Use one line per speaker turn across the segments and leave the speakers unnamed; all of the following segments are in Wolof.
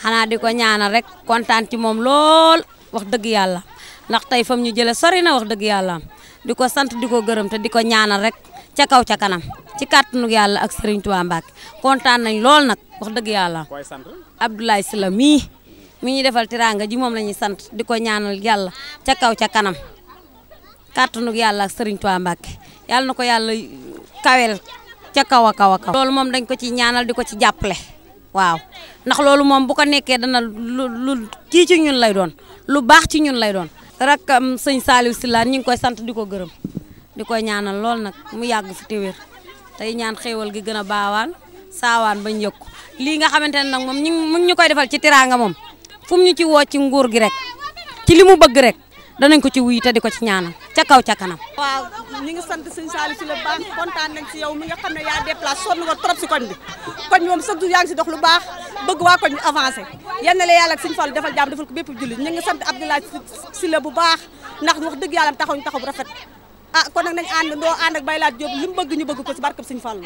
xanaa di ko ñaanal rek kontaan ci moom lool wax dëgg yàlla ndax tey fam ñu jëlee sori na wax dëgg yàlla di ko sant di ko gërëm te di ko ñaanal rek ca kaw ca kanam ci kàttanu yàlla ak Serigne Touba Mbacke kontaan nañ lool nag wax dëgg yàlla. koy sant Abdoulaye Sylla mii mi ñu defal tiraanga ji moom la ñuy sant di ko ñaanal yàlla ca kaw ca kanam kàttanu yàlla ak Serigne yàlla na ko yàlla kawel ca kaw a loolu moom dañ ko ci ñaanal di ko ci jàppale. waaw ndax loolu moom bu ko nekkee dana lu lu kii ci ñun lay doon lu baax ci ñun lay doon. rakkam sëñ Saliou Sylla ñu ngi koy sant di ko gërëm di koy ñaanal lool nag mu yàgg fi te wér tey ñaan xéewal gi gën a baawaan saawaan bañ yëg ko lii nga xamante ne nag moom ñu mu ñu koy defal ci teraanga moom fu ñu ci woo ci nguur gi rek ci li mu bëgg rek danañ ko ci wuy te di ko ci ñaanal. ca kaw ca kanam.
waaw ñu ngi sant sëñ Saliou si la baax kontaan nañ si yow mi nga xam ne yaa déplacé sonn nga trop si koñ bi koñ moom chaque jour yaa lu baax bëgg waa koñ bi avancé yal la yàlla ak sëñ Fallou defal jàmm defal ko bépp jullit ñu ngi sant Abdoulaye si la bu baax ndax wax dëgg yàlla taxaw ñu taxaw bu rafet ah kon nag nañ ànd ndoo ànd ak Baylaat Diop li mu bëgg ñu bëgg ko si barkab sëñ Fallou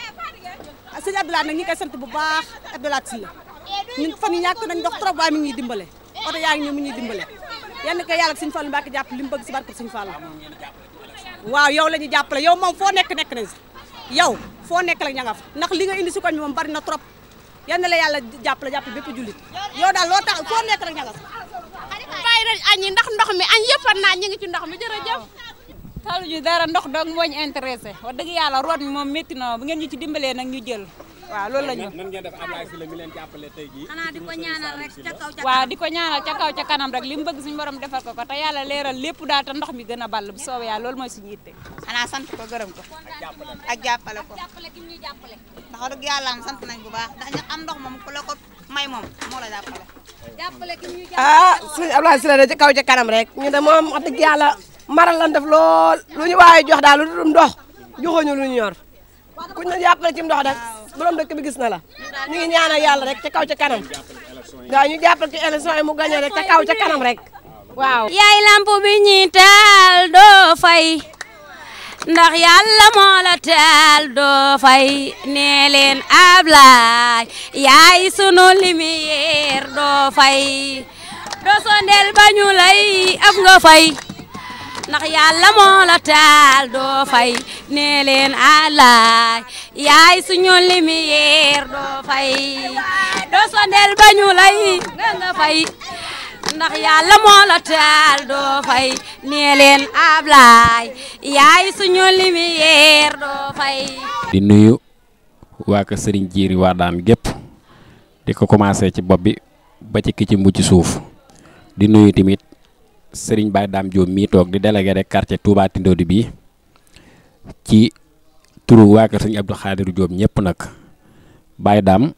ah sëñ Abdoulaye nag ñi ngi koy sant bu baax Abdoulaye si la ñun fan yi ñàkk nañ dox trop waaye mi ngi dimbale oto yaa ngi dimbale yenn kay yàlla ak Sëñ Fallu Mbàkke jàpp li mu bëgg si barke Sëñ Fallu waaw yow la ñu jàppale yow moom foo nekk nekk nañ si yow foo nekk la ña nga ndax li nga indi si koñ bi moom bari na trop yenn la yàlla jàppale jàppale bépp jullit yow daal loo tax foo nekk rek ña nga fa bàyyi nañ añ yi ndax ndox mi añ yëpp naa ñi ngi ci ndox mi jërëjëf talu ñu dara ndox doog mooñ ñu intéressé wax dëgg yàlla root mi moom métti na bu ngeen ñu ci dimbalee nag ñu jël waaw loolu la ñu.
nan ngeen def Ablaye Sylla mi leen jàppale tey ko ñaanal rek
ca kaw
ca kanam waaw di ko ñaanal ca kaw ca kanam rek li mu bëgg suñu borom defal ko ko te yàlla leeral lépp daal te ndox mi gën a ball bu soobee yàlla loolu mooy suñu yitte. xanaa sant ko ko. ak jàppale ko ak jàppale yàlla am sant nañ
bu baax ndax ndox moom ku ko may moom moo la jàppale.
jàppale gi ñu jàppale ah suñu Ablaye kaw ca kanam rek ñu de moom dëgg yàlla maral lan def lool lu ñu waaye jox daal lu dul ndox joxuñu lu ñu yor
borom dëkk bi gis na la ñu ngi ñaanal rek ca kaw ca kanam waaw ñu jàppal ci élection yi mu gagné rek ca kaw ca kanam rek waaw. yaay lamp bi ñuy taal doo fay ndax yàlla moo la taal doo fay nee leen Ablaay yaay sunu lumière doo fay doo sondeel ba ñu lay ab nga fay. ndax yàlla moo la taal doo fay nee leen alaay yaay suñu lumière doo fay doo sondeel ba ñu ndax yàlla moo la taal doo fay nee leen ablaay yaay suñu lumière doo fay.
di nuyu
waa kër Serigne Djily Wadane gépp di ko commencé ci bopp bi ba ci ci mujj suuf di nuyu tamit. sëriñ Baye Dame Diop mii toog di délégué rek quartier Touba Tindodi bi ci turu waa kër sëriñ Abdou Khadir Diop ñëpp nag Baye Dame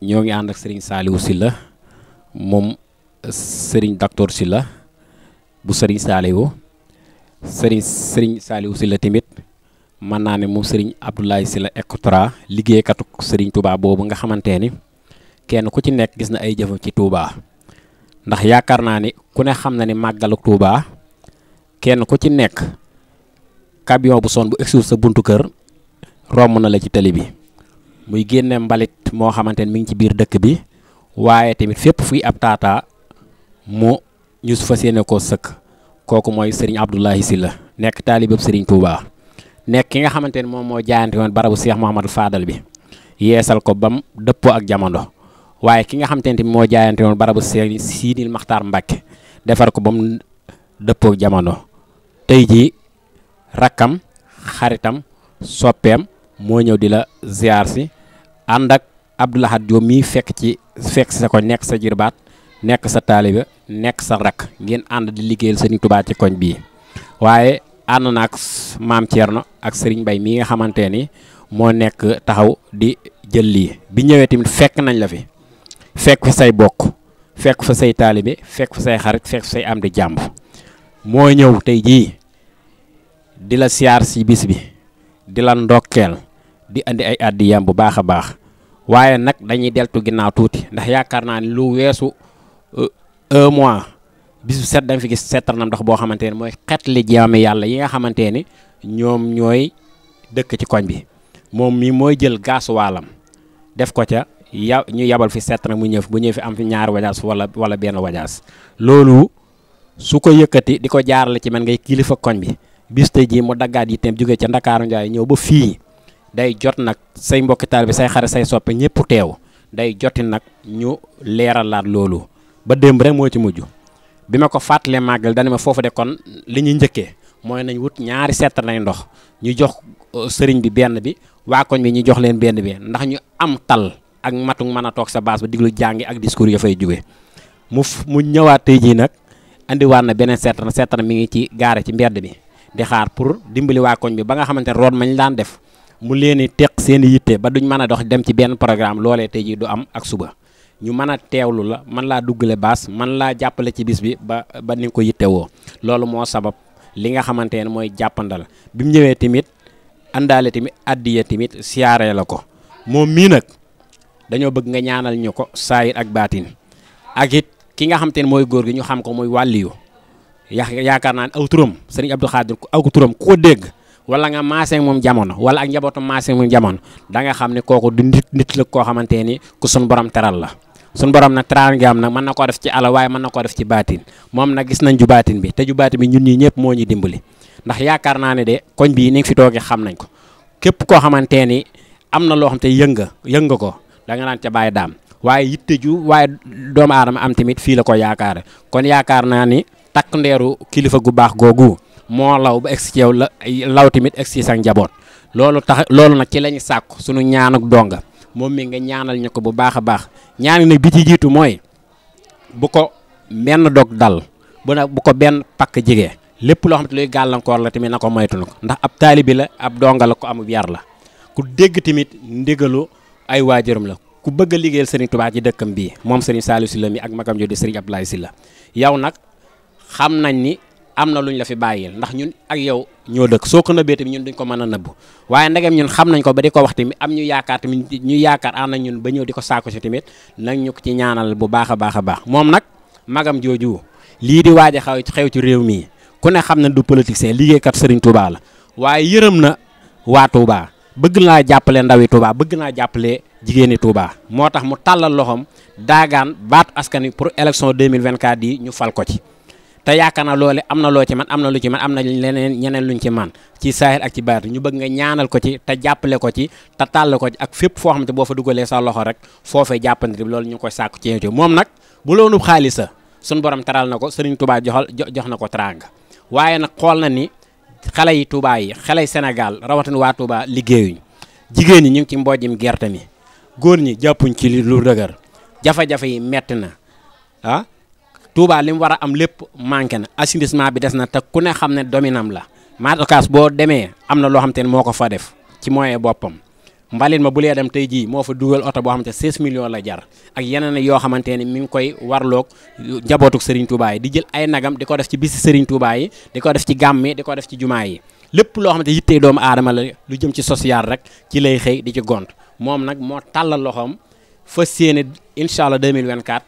ñoo ngi ànd ak sëriñ Saliou Sylla moom sëriñ docteur Sylla bu sëriñ Saliou sëriñ sëriñ Saliou Sylla tamit mën naa ne moom sëriñ Abdoulaye Sylla Ecotra liggéeykatu sëriñ Touba boobu nga xamante ni kenn ku ci nekk gis na ay jëfam ci Touba ndax yaakaar naa ni ku ne xam na ni màggalu Tuuba kenn ku ci nekk camion bu son bu egsiwul sa buntu kër romb na la ci tali bi muy génne mbalit moo xamante ni mi ngi ci biir dëkk bi waaye tamit fépp fuy ab taataa mu ñu fas yéene koo sëkk kooku mooy Serigne si la nekk taalibab Serigne Touba nekk ki nga xamante ni moom moo jaayante woon barabu seex Mouhamadou Fadal bi yeesal ko bam dëppoo ak jamono waaye ki nga xamante ni moo jaayante woon barabu Serigne Sidil Makhtar Mbacke defar ko ba mu dëppoo jamono tey jii rakkam xaritam soppeem moo ñëw di la ziar si ànd ak Abdoul Ahad Diop mii fekk ci fekk sa ko nekk sa jirbaat nekk sa taaliba nekk sa rakk ngeen ànd di liggéeyal Serigne Touba ci koñ bii waaye ànd na ak maam Thierno ak Serigne mbay mii nga xamante ni moo nekk taxaw di jël lii bi ñëwee tamit fekk nañ la fi fekk fi say bokk. fekk fa say taalibe fekk fa say xarit fekk fa say am di jàmb moo ñëw tey jii di la siyaar si bis bi di la ndokkeel di indi ay àddiyaam bu baax a baax waaye nag dañuy deltu ginnaaw tuuti ndax yaakaar naa ni lu weesu euh, un mois bis bu set da fi gis settanam ndox boo xamante ne mooy xet li jaami yàlla yi nga xamante ni ñoom ñooy dëkk ci koñ bi moom mii mooy jël gaasuwaalam def ko ca ya ñu yabal fi sett na mu ñëw bu ñëw fi am fi ñaar wajaas wala wala benn wajaas loolu su ko yëkkati di ko jaarale ci man ngay kilifa koñ bi bis tey jii mu daggaat yi itam jógee ca Ndakaaru Njaay ñëw ba fii day jot nag say mbokki taal bi say xare say soppe ñëpp teew day joti nag ñu leeralaat loolu ba démb rek moo ci mujj bi ma ko fàttalee màggal dana ma foofu de kon li ñuy njëkkee mooy nañ wut ñaari seetal nañ ndox ñu jox euh, sëriñ bi benn bi waa koñ bi ñu jox leen benn bi ndax ñu am tal ak matuk mën a toog sa baas ba diglu jàngi ak discours ya fay juge mu mu ñëwaat tey jii nag indiwaan na beneen seetaan seetaan mi ngi ci gaare ci mbedd bi di xaar pour dimbali waa koñ bi ba nga xamante ne roon mañ daan def mu leen i teq seen i yitte ba duñ mën a dox dem ci benn programme loolee tey jii du am ak suba ñu mën a teewlu la man laa duggale baas man laa jàppale ci bis bi ba ba ni nga ko yittewoo loolu moo sabab li nga xamante ne mooy jàppanda bi mu ñëwee tamit àndaale tamit addiya tamit siyaaree la ko dañoo bëgg nga ñaanal ñu ko saayir ak baatin ak it ki nga xam te ne mooy góor gi ñu xam ko muy wàlliyu ya yaakaar naa ne aw turam sëriñ Abdou ko aw turam ku ko dégg wala nga maasee moom jamono wala ak njabootu maasee moom jamono danga xam ne kooku du nit nit la koo xamante ni ku sun borom teral la sun borom na nag teraangaam na mën na koo def ci alal waaye mën na koo def ci baatin moom nag gis nañ ju baatin bi te ju baatin bi ñun ñi ñëpp moo ñu dimbali ndax yaakaar naa ne de koñ bii ni nga fi toogee xam nañ ko képp koo xamante ni am na loo xam te yënga yënga ko da nga naan ca bàyyi daam waaye yitte ju waaye doomu aadama am tamit fii la ko yaakaare kon yaakaar naa ni takk ndeeru kilifa gu baax googu moo law ba egsi yow la law tamit egsi sa njaboot loolu tax loolu nag ci lañu sàkk sunu ñaanuk donga moom mi nga ñaanal ñu ko bu baax a baax ñaani nag bi ci jiitu mooy bu ko benn dog dal bu nag bu ko benn pakk jigee lépp loo xam te luy gàllankoor la tamit na ko moytu ko ndax ab taalibi la ab donga la ko amub yar la ay waa waajuram la ku bëgg a liggéeyal Serigne Touba ci dëkkam bii moom Serigne Saliou Sylla mi ak magam jo di Serigne Abdoulaye Sylla yow nag xam nañ ni am na luñ la fi bàyyil ndax ñun ak yow ñoo dëkk soo ko nëbbee tamit ñun duñ ko mën a nëbb waaye ndegem ñun xam nañ ko ba di ko wax tamit am ñu yaakaar tamit ñu yaakaar ànd nañ ñun ba ñëw di ko saako si tamit nag ñu ko ci ñaanal bu baax a baax a baax moom nag magam jooju lii di waaj xaw xew ci réew mii ku ne xam na du politicien liggéeykat Serigne Touba la waaye yërëm na waa Touba bëgg naa jàppale ndawi Touba bëgg naa jàppale jigéeni Touba moo tax mu tàllal loxoom daagaan baatu askan wi pour élection 2024 yi ñu fal ko ci te yaakaar na loole am na loo ci man am na lu ci man am na leneen ñeneen ñu ci man ci saahir ak ci baat ñu bëgg nga ñaanal ko ci te jàppale ko ci te tàll ko ci ak fépp foo xam xamante boo fa duggalee sa loxo rek foofee jàppandi loolu ñu ngi koy sàkku ci yow moom nag bu loonu xaalis suñu borom taral na ko Serigne Touba joxal jox na ko teraanga xale yi Touba yi xele yi Sénégal rawatina waa Touba liggéeyuñ jigéen ñi ñu ngi ci mbojjim gerte mi góor ñi jàppuñ ci lu dëgër jafe-jafe yi metti na ah Touba li mu war a am lépp manqué na assainissement bi des na te ku ne xam ne dominam la Matakaas boo demee am na loo xam te ne moo ko fa def ci moyen boppam mbalit ma bu lee dem tey jii moo fa dugal oto boo xamante 16 millions la jar ak yeneen yoo xamante ne mi ngi koy warloog njabootuk sëriñ Touba yi di jël ay nagam di ko def ci bisi Serigne Touba yi di ko def ci gàmm yi di ko def ci jumaa yi lépp loo xam xamante yittee doomu aadama la lu jëm ci social rek ci lay xëy di ci gont moom nag moo tàllal loxoom fas yéene incha allah 2024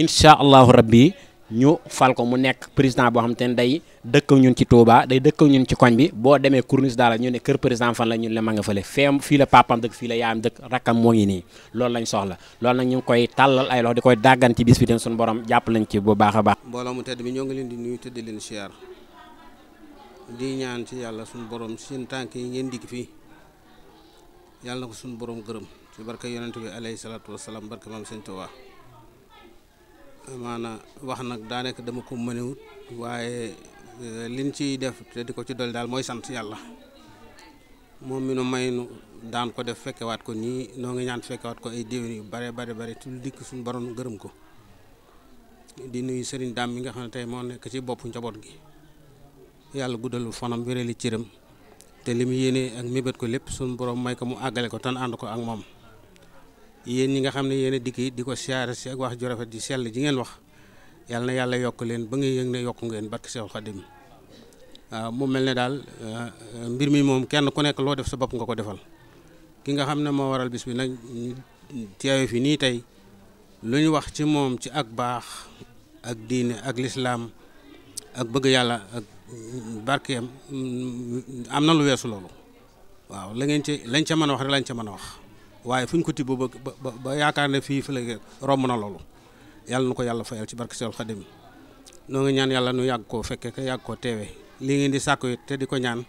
incha allahu rabbi ñu fal ko mu nekk président boo xam te ne day dëkk ñun ci Touba day dëkk ñun ci koñ bi boo demee Kournis daal ñu ne kër président fan la ñun la ma nga fële fii la papam dëkk fii la yaayam dëkk rakkam moo ngi nii loolu lañ soxla lool nag ñu ngi koy tàllal ay loxo di koy dàggan ci bis bi dem borom jàpp lañ ci bu baax a baax.
mbooloo mu tedd bi ñoo ngi leen di nuyu tëdd leen siyaar di ñaan ci yàlla suñu boroom seen tànk yi ngeen dikk fii yàlla na ko suñu borom gërëm ci barke yonent bi alayhi salaatu wasalaam barke maam sëñ Touba maana wax nag daanaka dama ko mënewut waaye euh, liñ ciy def te di ko ci dolli daal mooy sant yàlla moom mi nu may nu daan ko def fekkewaat ko nii noo ngi ñaan fekkewaat ko ay déwén yu bare bare bare tul dikk suñu borom gërëm ko di nuyu sëriñ daam mi nga xam ne tey moo nekk ci boppu njaboot gi yàlla guddalu fanam wéreli cëram te li mu yéenee ak mébét ko lépp suñu borom may ko mu àggale ko tan ànd ko ak moom yéen ñi nga xam ne yéen a dikki di ko siyaare si ak wax ju rafet ji sell ji ngeen wax yàlla na yàlla yokk leen ba nga yëg ne yokk ngeen barke Seexul Xadim waaw ah, mu mel ne daal ah, mbir mi moom kenn ku nekk loo def sa bopp nga ko defal ki nga xam ne moo waral bis bi nag teewe fi nii tey lu ñu wax ci moom ci ak baax ak diine ak lislaam ak bëgg yàlla ak barkeem mm, am na lu weesu loolu waaw la ngeen ci lañ ca mën a wax rek lañ ca mën a wax waaye fu ñu ko tibb ba ba ba yaakaar ne fii fi la romb na loolu yàlla na ko yàlla fayal ci barke Seexul Xadim noo ngi ñaan yàlla nu yàgg koo fekkee te yàgg koo teewe li ngeen di sàkk it te di ko ñaan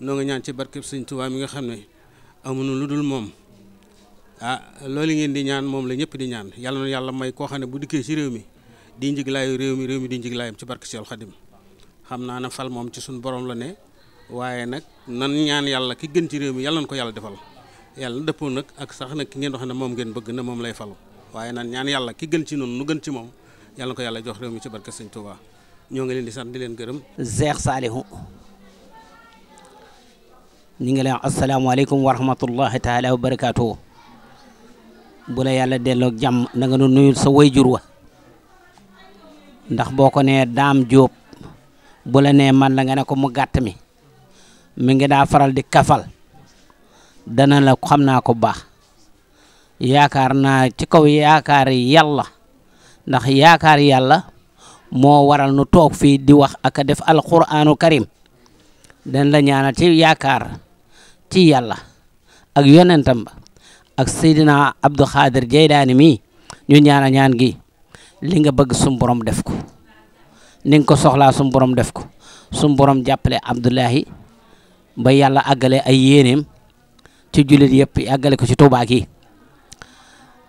noo ngi ñaan ci barke Sëñ Tuubaa mi nga xam ne amuñu lu dul moom ah loolu ngeen di ñaan moom la ñëpp di ñaan yàlla na yàlla may koo xam ne bu dikkee ci réew mi di njëglaayu réew mi réew mi di njëglaayam ci barke Seexul Xadim xam naa ne fal moom ci suñu borom la ne waaye nag nan ñaan yàlla ki gën ci réew mi yàlla na ko yàlla defal. yàlla dëppoo nag ak sax nag ki ngeen wax ne moom ngeen bëgg na moom lay falu waaye nan ñaan yàlla ki gën ci noonu nu gën ci moom yàlla ko yàlla jox réew mi ci barke sëñ Touba ñoo ngi leen di sant di leen gërëm.
Cheikh Saliou ngi lay wax asalaamaaleykum wa rahmatullahi taala wa barakaatu. bu la yàlla delloo jàmm nanga nga nu nuyul sa wayjur wa ndax boo ko nee daam jóob bu la nee man la nga ne ko mu gàtt mi mi ngi daa faral di kafal dana la ko xam naa ko baax yaakaar naa ci kaw yaakaar yàlla ndax yaakaar yàlla moo waral nu toog fii di wax ak def alquraanu karim dañ la ñaanal ci yaakaar ci yàlla ak yonentam ba ak Seydina Abdou Khadir Jeylaani mii ñu ñaana ñaan gi li nga bëgg sum def ko ni ko soxlaa sum def ko sum borom jàppale ba yàlla àggale ay yéeneem ci jullit yëpp yàggale ko ci Tuubaa gi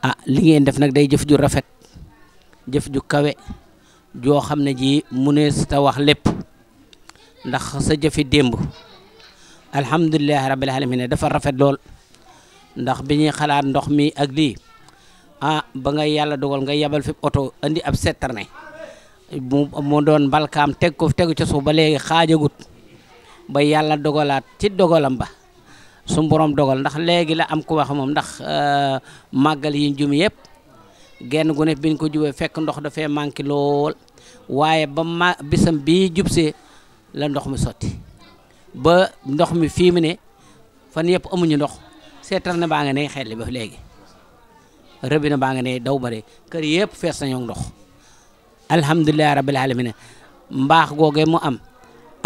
ah li ngeen def nag day jëf ju rafet jëf ju kawe joo xam ne ji mu ne ta wax lépp ndax sa jëfi démb alhamdulilahi rabbil alamin dafa rafet lool ndax bi ñuy xalaat ndox mi ak lii ah ba nga yàlla dogal nga yabal fi oto andi ab setterne mu mu doon mbalkaam teg ko tegu ca suuf ba léegi xaajagut ba yàlla dogalaat ci dogalam ba suñu borom dogal ndax léegi la am ku wax moom ndax euh, màggal yi jum yëpp genn gu ne biñ ko jubee fekk ndox dafee manqué lool waaye ba ma bisam bii jubsee la ndox mi sotti ba ndox mi fii mu ne fan yëpp amuñu ndox seetal na baa nga ne xel ba léegi rëbi na baa nga ne daw bare kër yëpp fees nañoo ndox alhamdulilah rabbil alamin mbaax googee mu am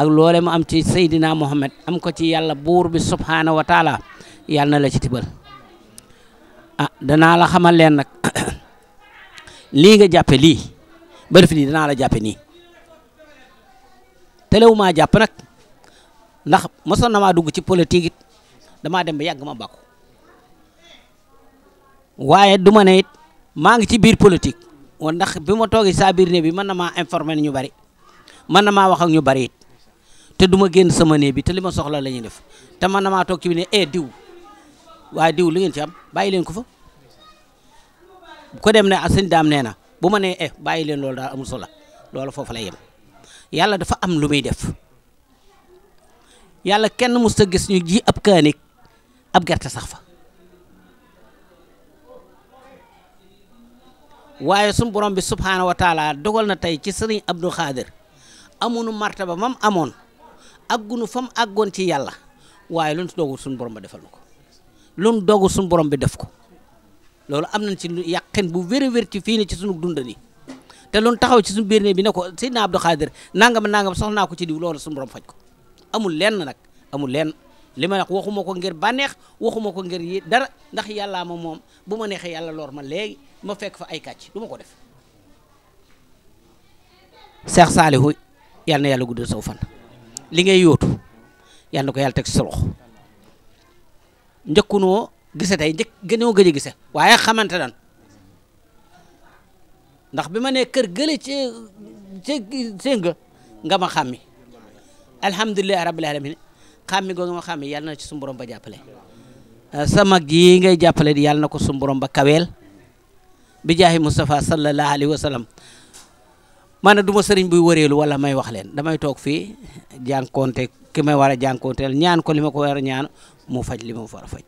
ak loole mu am ci Seydina Muhammad am ko ci yàlla buur bi subhaana wa taala yàlla na la ci tibal ah danaa la xamal leen nag lii nga jàppe lii ba def nii danaa la jàppe nii telewumaa jàpp nag ndax mosoon na maa dugg ci politique it damaa dem ba yàgg ma bàkku waaye du ma it maa ngi ci biir politique ndax bi ma toogee saa biir ne bi mën na maa informer ñu bari mën na maa wax ñu bari te du ma génn sama néeg bi te li ma soxla la ñuy def te man damaa toog ci ne eh diw waaye diw li ngeen ci am bàyyi leen ko fa ko dem ne ah sëñ daam nee na bu ma nee eh bàyyi leen loolu daal amul solo loolu foofu lay yem yàlla dafa am lu muy def yàlla kenn mus a gis ñu ji ab kaanik ab gerte sax fa waaye suñu borom bi subhaanahu wa taala dogal na tey ci sëriñ Abdou Khadir amuñu martaba mam amoon ak àggunu fa mu àggoon ci yàlla waaye lu nu doogul suñu borom ba defal ko lu nu doogul suñu borom bi def ko loolu am nañ ci yàqin bu wér wér ci fii ni ci suñu dund ni te loolu taxaw ci suñu biir ne bi ne ko Seydina Abdou Khadir nangam nangam soxla naa ko ci diw loolu suñu borom faj ko amul lenn nag amu lenn li ma wax ma ko ngir bànneex waxuma ko ngir yi dara ndax yàllaa ma moom bu ma neexee yàlla loor ma léegi ma fekk fa ay kàcc du ma ko def Cheikh Salihu yàlla na yàlla guddal saw fan li ngay yootu yal na ko yàlla teg si sa loxo njëkkunoo gise tey njëkk gënoo gëj gise waaye xamante nan ndax bi ma ne kër gële ci ci sénga nga ma xàmmi alhamdulilahi rabbil alamin xàmmi googu ma xàmmi yàlla na ci suñu borom ba jàppale euh, sa mag yi ngay jàppale yàlla na ko suñu borom ba kaweel bi jaahi Mustafa sallallahu alayhi wa maanaam du ma sëriñ buy wëreelu wala may wax leen damay toog fii jànkonte ki may war a jànkonteel ñaan ko li ma ko war ñaan mu faj li ma war a faj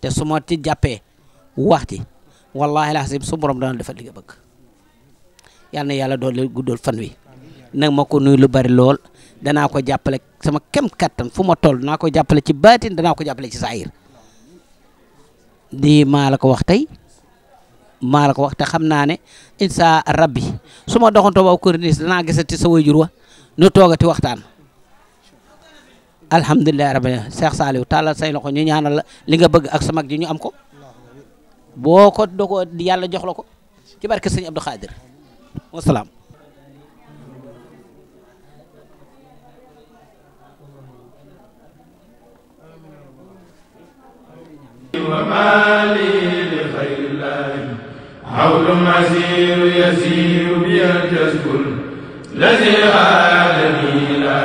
te su ma ci jàppee wax ci wallaahi laasim su borom dana defal li bëgg yal na yàlla doon leen guddal fan wi nag ma ko nuyu lu bari lool danaa ko jàppale sama kem kattan fu ma toll danaa ko jàppale ci baatin danaa ko jàppale ci saayir di maa la ko wax tey maa ko wax xam naa ne insa rabbi su ma doxantoo ba kër niis danaa gisati sa wayjur wa ñu toogati waxtaan alhamdulilah rabbil Cheikh Saliou tàllal say loxo ñu ñaanal la li nga bëgg ak sa mag ji ñu am ko boo ko yàlla jox la ko ci barke sëñ Abdou Khadir wasalaam
حول مسير يسير بي الجسد الذي غادني لا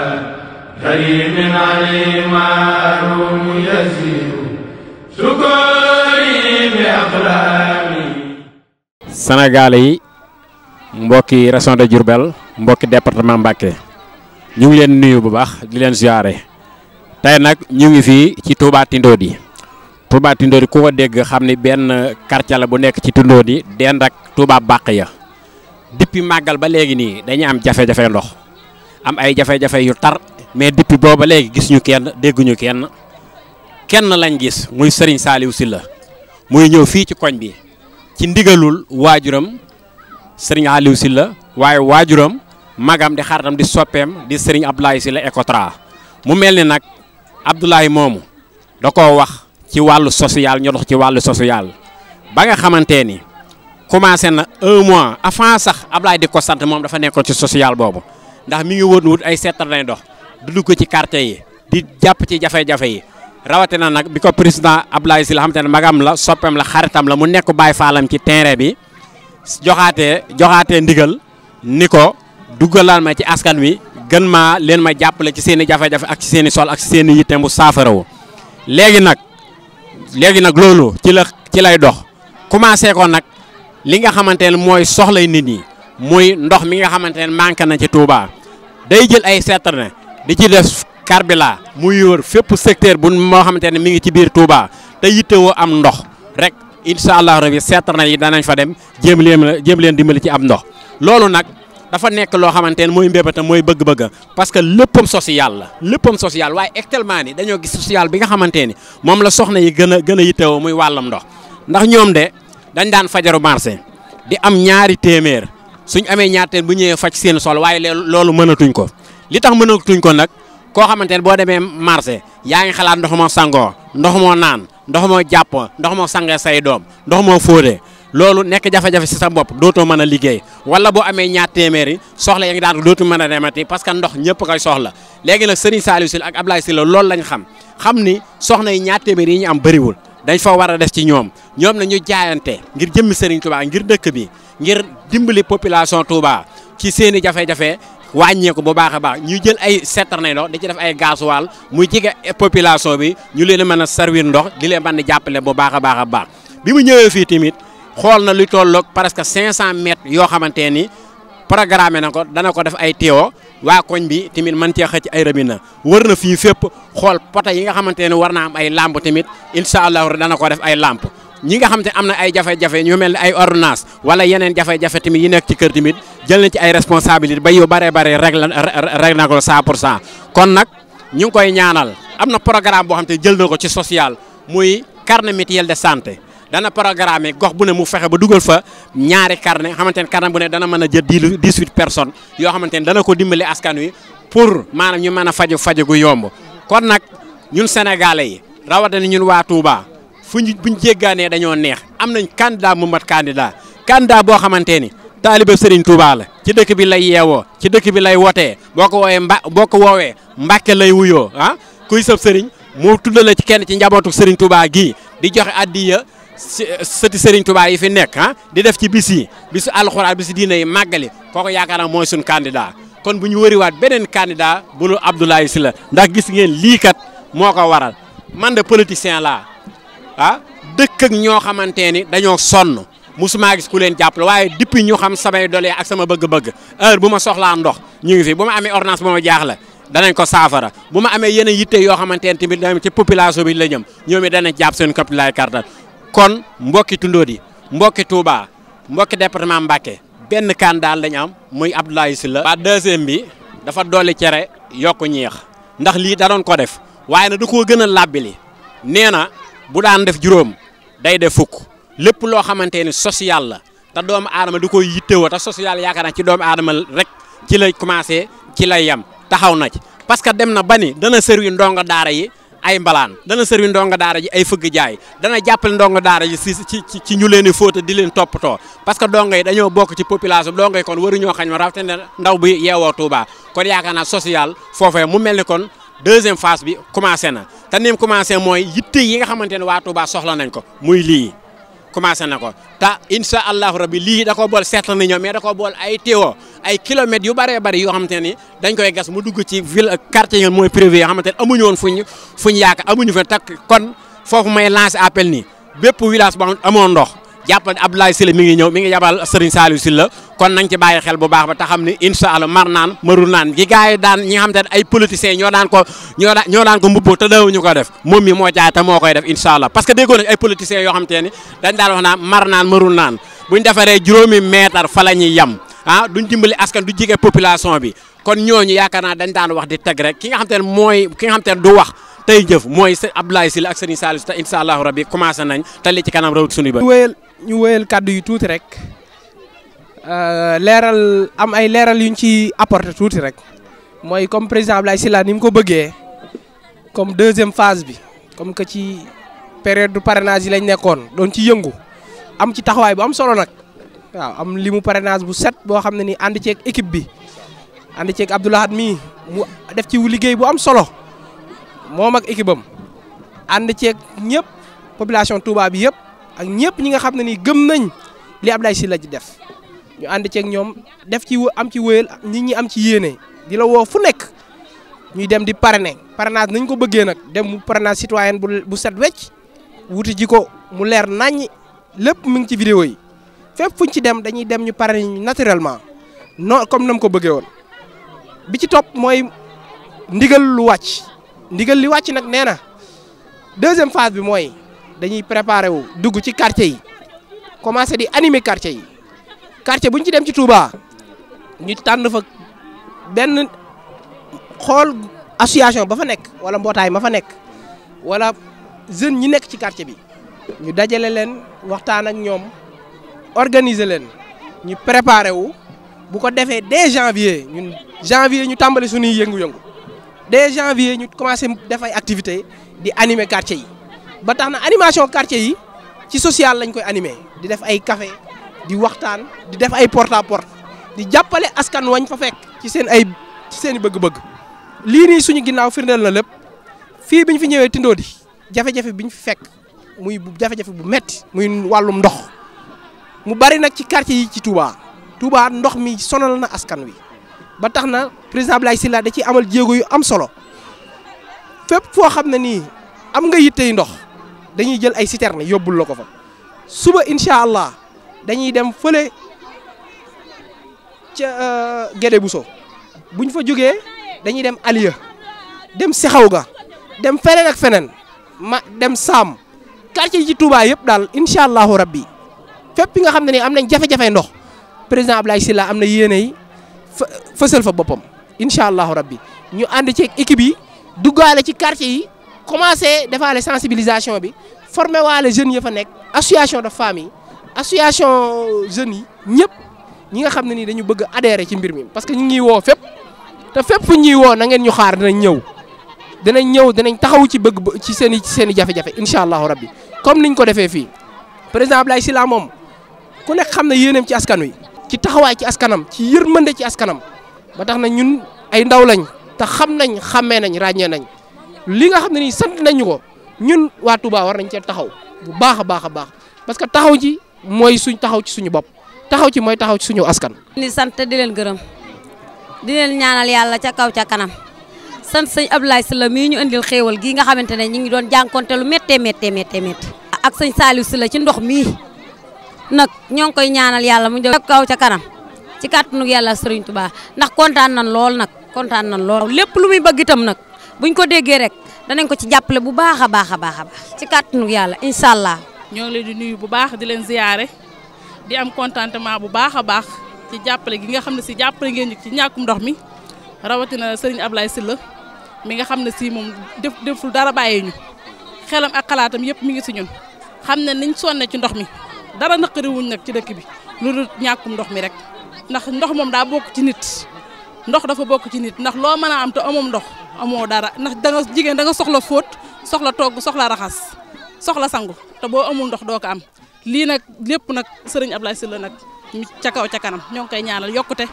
كريم علي معروم يسير سكري بأقلامي
Sénégalais yi mbokki région de Diourbel mbokki département Mbacké ñu ngi leen nuyu bu baax di leen ziare tey nag ñu ngi fii ci Touba yi Touba Tindodi ku ko dégg xam ni benn quartier la bu nekk ci Tindodi dend ak Touba bàq ya depuis màggal ba léegi nii dañuy am jafe-jafe ndox am ay jafe-jafe yu tar mais depuis booba léegi gis ñu kenn dégguñu kenn kenn lañ gis muy Serigne Saliou la muy ñëw fii ci koñ bi ci ndigalul waajuram Serigne Aliou la waaye waajuram magam di xaritam di soppeem di Serigne Abdoulaye Sylla Ecotra mu mel ni nag Abdoulaye moomu da koo wax. ci wàllu social ñu dox ci wàllu social ba nga xamante ni commencé na un mois avant sax Ablaye di ko sant moom dafa nekkoon ci social boobu ndax mi ngi woon wut ay seetal lay dox du ko ci quartier yi di jàpp ci jafe-jafe yi rawatina nag bi ko président Ablaye si la xamante ne magam la soppeem la xaritam la mu nekk bàyyi faalam ci terrain bi joxaate joxaate ndigal ni ko duggalaan ma ci askan wi gën ma leen ma jàppale ci seen i jafe-jafe ak ci seen i sol ak seen i yitte mu saafarawu léegi nag loolu ci la ci lay dox commencé ko nag li nga xamante ne mooy soxlay nit ñi muy ndox mi nga xamante ne manqué na ci Touba day jël ay citerne di ci def carbila muy wër fépp secteur bu moo xamante ne mi ngi ci biir Touba te yittewoo am ndox rek incha allah rabi na yi danañ fa dem jéem leen jéem leen dimbali ci am ndox loolu nag. dafa nekk loo xamante ne mooy mbébétam mooy bëgg-bëgg parce que léppam social la léppam social waaye actuellement ni dañoo gis social bi nga xamante ni moom la soxna yi gën a gën a yittewoo muy wàllam ndox ndax ñoom de dañ daan fajaru marché di am ñaari téeméer suñ amee ñaar teen bu ñëwee faj seen sol waaye loolu mënatuñ ko li tax mënatuñ ko nag koo xamante ne boo demee marché yaa ngi xalaat ndox moo sangoo ndox moo naan ndox moo jàppoo ndox moo sangee say doom loolu nekk jafe-jafe si sa bopp dootoo mën a liggéey wala boo amee ñaar téeméer soxla ya daan dootu mën a demati parce que ndox ñëpp koy soxla léegi nag Serigne Saliou Sylla ak Abdoulaye Sylla loolu lañ xam xam ni soxna yi ñaar téeméer yi ñu am bëriwul dañ fa war a def ci ñoom ñoom na ñu jaayante ngir jëmmi Serigne Touba ngir dëkk bi ngir dimbali population Touba ci seen i jafe-jafe wàññeeku bu baax a baax ñu jël ay citerne ndox di ci def ay gasoil muy jege population bi ñu leen a mën a servir ndox di leen bandi a bu baax a baax a baax xool na lu tolloog presque cent mètres yoo xamante ni programmé na ko dana ko def ay teewoo waa koñ bi tamit man cee xëcc ay rabina wër na fii fépp xool pota yi nga xamante ne war naa am ay lamp tamit incha allahu dana ko def ay làmp ñi nga xam te am na ay jafe-jafe ñu mel ni ay ordonnance wala yeneen jafe-jafe tamit yi nekk ci kër tamit jël na ci ay responsabilité ba yu bare bare rek la rek na ko saa pour cent kon nag ñu koy ñaanal am na programme boo xam te jël na ko ci social muy carnet mutuel de santé. dana programme gox bu ne mu fexe ba dugal fa ñaari carnet xamante ne carnet bu ne dana mën a jël dix dix-huit personnes yoo xamante ne dana ko dimbali askan wi pour maanaam ñu mën a faju faju gu yomb kon nag ñun sénégalais yi rawatina ñun waa Touba fu ñu buñ jéggaanee dañoo neex am nañ candidat mu mat candidat candidat boo xamante ni taalibe Serigne Touba la ci dëkk bi lay yeewoo ci dëkk bi lay wootee boo ko woowee mba boo ko woowee Mbàkke lay wuyoo ah kuy sëb moo tuddale ci kenn ci njabootu Serigne Touba gii di joxe addiya Eh, sëti Serigne Touba yi fi nekk ah di def ci bisi yi bisu alxuraan bisi diina yi màggali kooku yaakaar naa mooy suñu candidat kon bu ñu wëriwaat beneen candidat bu nu Abdoulaye Sylla ndax gis ngeen lii kat moo ko waral man de politicien laa ah dëkk ak ñoo xamante ni dañoo sonn musuma gis ku jàpp jàppale waaye depuis ñu xam samay dolee ak sama bëgg-bëgg heure bu ma soxlaa ndox ñu ngi fi bu ma amee ordonnance bu ma jaaxle danañ ko saafara bu ma amee yeneen yitte yoo xamante ne tamit ci bi la ñoom it danañ jàpp seen képp laay kartal kon mbokki Tundóodi mbokki Touba mbokki departement Mbacké benn kaan daal lañ am muy Abdoulaye la ba deuxième bi dafa dolli cere yokk ñeex ndax lii da doon ko def waaye nag du koo gën a làbbili nee na bu daan def juróom day def fukk lépp loo xamante ni social la te doomu aadama du koy yittewoo ta social yaakaar naa ci doomu aadama rek ci lay commencé ci lay yem taxaw na ci parce que dem na ba dana servi ndongo daara yi ay mbalaan dana sëri ndongo daara ji ay fëgg jaay dana jàppale ndongo daara ji si ci ci ñu leen di fóota di leen toppatoo parce que dongo yi dañoo bokk ci population dongo yi kon waruñoo xañ ma rawatina ne ndaw bi yeewoo Touba kon yaakaar naa social foofee mu mel ni kon deuxième phase bi commencé na ta ni mu commencé mooy yitte yi nga xamante ne waa Touba soxla nañ ko muy lii commencé na ko te incha allahu rabi lii dako bool seetlu na ñoom mais da bool ay teewoo ay kilomètres yu bëree bëri yoo xamante ni dañ koy gas mu dugg ci ville quartier yi mooy privé yoo xamante ne amuñu woon fuñ fuñ yaakaar amuñu fa takk kon foofu may lancer appel nii bépp village boo xam amoon ndox. jàpp na Abdoulaye Sylla mi ngi ñëw mi ngi yabal Serigne Saliou Sylla kon nañ ci bàyyi xel bu baax ba te xam ne incha allah mar naan marul naan gi gars yi daan ñi xam te ay politiciens ñoo daan ko ñoo daan ko mbubboo te daawuñu ko def moom mi moo jaay te moo koy def incha allah parce que déggoo nañ ay politiciens yoo xam te ne dañ daan wax naan mar naan marul naan buñ defaree juróomi meetar fa la ah duñ dimbali askan du jige population bi kon ñooñu yaakaar naan dañ daan wax di teg rek ki nga xam te te mooy Abdoulaye Sylla ak Serigne Saliou te incha allahu rabi ñu wéyal kàddu yi tuuti rek
euh, leeral am ay leeral yuñ ci apporter tuuti rek mooy comme président Abdoulaye Sylla ni mu ko bëggee comme deuxième phase bi comme que ci période du parrainage yi lañ nekkoon doon ci yëngu am ci taxawaay bu am solo nag waaw am limu parenage bu set boo xam ne ni ànd ceeg équipe bi ànd ceeg Abdou Lahad mii mu def ci liggéey bu am solo moom ak équipe am ànd ceeg ñëpp population Touba bi yëpp. ak ñëpp ñi nga xam ne ni gëm nañ li Abdoulaye Sylla ji def ñu ànd ceeg ñoom def ci am ci wéyal nit ñi am ci yéene di la woo fu nekk ñuy dem di pare ne parrainer parrainage nañ ko bëggee nag dem mu parrainage citoyen bu bu set wecc wuti ji ko mu leer naññ lépp mu ngi ci vidéo yi fépp fuñ ci dem dañuy dem ñu parrainer naturellement non comme nam ko bëggee woon bi ci topp mooy ndigal lu wàcc ndigal li wàcc nag nee na deuxième phase bi mooy dañuy préparer wu dugg ci quartier yi commencé di animer quartier yi quartier bu ñu ci dem ci Touba ñu tànn fa benn xool association ba fa nekk wala mbootaay ma fa nekk wala jeune ñi nekk ci quartier bi ñu dajale leen waxtaan ak ñoom organiser leen ñu préparer wu bu ko defee dès janvier ñun janvier ñu tàmbali suñuy yëngu-yëngu dès janvier ñu commencé def ay activités di animer quartier yi ba tax na animation quartier yi ci social lañ koy anime di def ay café di waxtaan di def ay porte à porte di jàppale askan wañ fa fekk ci seen ay seen bëgg-bëgg lii nii suñu ginnaaw firndeel na lépp fii bi ñu fi ñëwee ti di jafe-jafe bi ñu fi fekk muy jafe-jafe bu metti muy wàllum ndox mu bari nag ci quartier yi ci Touba Touba ndox mi sonal na askan wi ba tax na président Abdoulaye Sylla da ciy amal jéego yu am solo fépp foo xam ne nii am nga yittey ndox dañuy jël ay citerne yóbbul la ko fa suba incha allah dañuy dem fële ca euh, Guédé Bousso buñ fa jógee dañuy dem Aliya dem Sexaw ga dem feneen ak feneen ma dem Saam quartier yi ci Touba yëpp daal incha allahu rabbi fépp nga xam ne ni am nañ jafe-jafe ndox président Abdoulaye Sylla am na yéene yi fësal fa boppam incha allahu rabbi ñu ànd ci équipe yi duggaale ci quartier yi. commencé defaale sensibilisation bi formé waale jeunes yi fa nekk association de femmes yi association jeunes yi ñëpp ñi nga xam ne ni dañu bëgg adhérer ci mbir mi parce que ñu ngi woo fépp te fépp fu ñuy woo na ngeen ñu xaar danañ ñëw danañ ñëw danañ taxaw ci bëgg ci seen i ci seen i jafe-jafe incha allahu rabbi comme niñ ko defee fii président Abdoulaye Sylla moom ku nekk xam na yéeneem ci askan wi ci taxawaay ci askanam ci mën yërmande ci askanam ba tax na ñun ay ndaw lañ te xam nañ xàmmee nañ ràññee nañ li nga xam ne nii sant nañu ko ñun waa Touba war nañ cee taxaw bu baax a baax a baax parce que taxaw ji mooy suñ taxaw ci suñu bopp taxaw ci mooy taxaw ci suñu askan.
di sant di leen gërëm di leen ñaanal yàlla ca kaw ca kanam sant sëñ Abdoulaye Sylla mii ñu indil xéewal gii nga xamante ne ñu ngi doon jànkonte lu méttee méttee méttee méttee. ak sañ Saliou sila ci ndox mii nag ñoo ngi koy ñaanal yàlla mu ca kaw ca kanam ci kàttanu yàlla tu Touba ndax kontaan na lool nag kontaan nan lool. lépp lu muy bëgg itam nag. buñ ko déggee rek danañ ko ci jàppale bu baax a baax a baax a baax ci kàttanu yàlla incha
ñoo leen di nuyu bu baax di leen ziyaare di am contentement bu baax a baax ci jàppale gi nga xam ne si jàppale ngeen ñu ci ñàkkum ndox mi rawatina Serigne Ablaye Sylla mi nga xam ne si moom def deful dara bàyyi ñu xelam ak xalaatam yëpp mi ngi si ñun xam ne niñ sonne ci ndox mi dara naqariwuñ nag ci dëkk bi lu dul ñàkkum ndox mi rek ndax ndox moom daa bokk ci nit ndox dafa bokk ci nit ndax loo mën a am te amoom ndox. amoo dara ndax da jigéen da nga soxla fóot soxla toog soxla raxas soxla sangu te boo amul ndox doo ko am lii nag lépp nag sëriñ Ablaye Sylla nag ca kaw ca kanam ñoo ngi koy ñaanal yokkute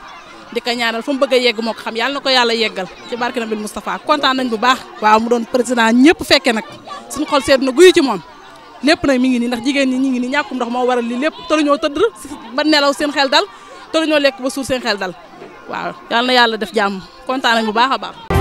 di ko ñaanal fu mu bëgg a yegg moo ko xam yàlla na ko yàlla yeggal ci barke Nabil Moustapha kontaan nañ bu baax. waaw mu doon président ñëpp fekke nag suñu xol seetlu na guyu ci moom lépp nag mi ngi nii ndax jigéen ñi ñu ngi nii ñàkkum ndox moo waral lii lépp tëruñoo tëdd ba nelaw seen xel dal tëruñoo lekk ba suur seen dal waaw yàlla yàlla def jàmm kontaan nañ bu baax a baax.